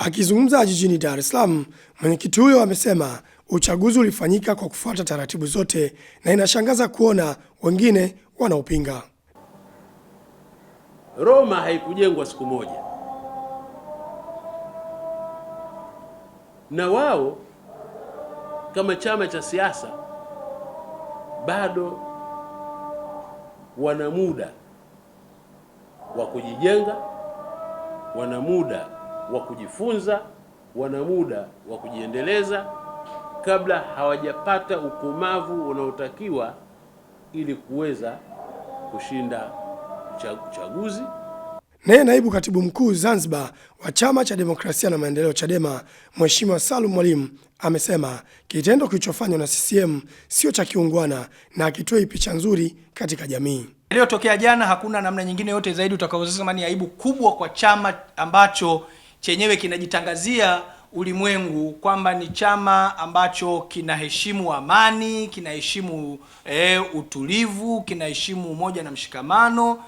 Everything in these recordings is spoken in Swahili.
Akizungumza jijini Dar es Salaam, mwenyekiti huyo amesema uchaguzi ulifanyika kwa kufuata taratibu zote na inashangaza kuona wengine wanaopinga. Roma haikujengwa siku moja, na wao kama chama cha siasa bado wana muda wa kujijenga, wana muda wa kujifunza, wana muda wa kujiendeleza kabla hawajapata ukomavu unaotakiwa ili kuweza kushinda uchaguzi. Naye naibu katibu mkuu Zanzibar wa Chama cha Demokrasia na Maendeleo CHADEMA, Mheshimiwa Salum Mwalimu amesema kitendo kilichofanywa na CCM sio cha kiungwana na akitoi picha nzuri katika jamii. Iliyotokea jana, hakuna namna nyingine yote zaidi utakaosema ni aibu kubwa kwa chama ambacho chenyewe kinajitangazia ulimwengu kwamba ni chama ambacho kinaheshimu amani, kinaheshimu e, utulivu, kinaheshimu umoja na mshikamano.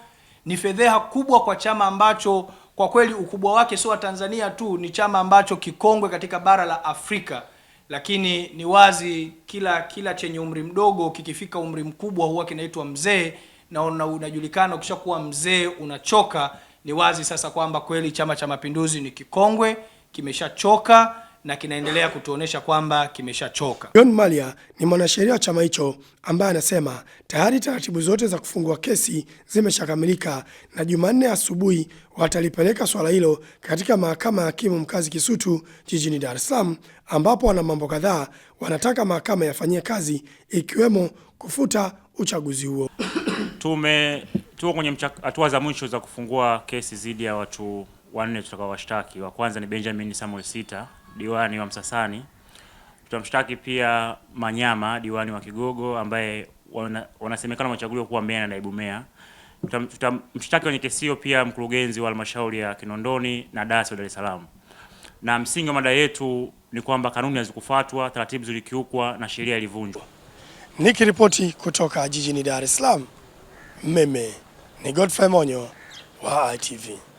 Ni fedheha kubwa kwa chama ambacho kwa kweli ukubwa wake sio wa Tanzania tu, ni chama ambacho kikongwe katika bara la Afrika. Lakini ni wazi kila kila chenye umri mdogo kikifika umri mkubwa huwa kinaitwa mzee, na unajulikana ukishakuwa mzee unachoka. Ni wazi sasa kwamba kweli Chama cha Mapinduzi ni kikongwe, kimeshachoka na kinaendelea kutuonesha kwamba kimeshachoka. John Malia ni mwanasheria wa chama hicho ambaye anasema tayari taratibu zote za kufungua kesi zimeshakamilika na Jumanne asubuhi watalipeleka swala hilo katika mahakama ya hakimu mkazi Kisutu jijini Dar es Salaam, ambapo wana mambo kadhaa wanataka mahakama yafanyie kazi ikiwemo kufuta uchaguzi huo. Tume Tuko kwenye hatua za mwisho za kufungua kesi dhidi ya watu wanne tutakaowashtaki. Wa kwanza ni Benjamin Samuel Sita, diwani wa Msasani. Tutamshtaki pia Manyama, diwani wa Kigogo, ambaye wanasemekana wana, wanasemekana wamechaguliwa kuwa meya na naibu meya. Tutamshtaki kwenye kesi hiyo pia mkurugenzi wa halmashauri ya Kinondoni na Dasi wa Dar es Salaam. Na msingi wa mada yetu ni kwamba kanuni hazikufuatwa, taratibu zilikiukwa na sheria ilivunjwa. Nikiripoti kutoka jijini Dar es Salaam, meme ni Godfrey Monyo wa ITV.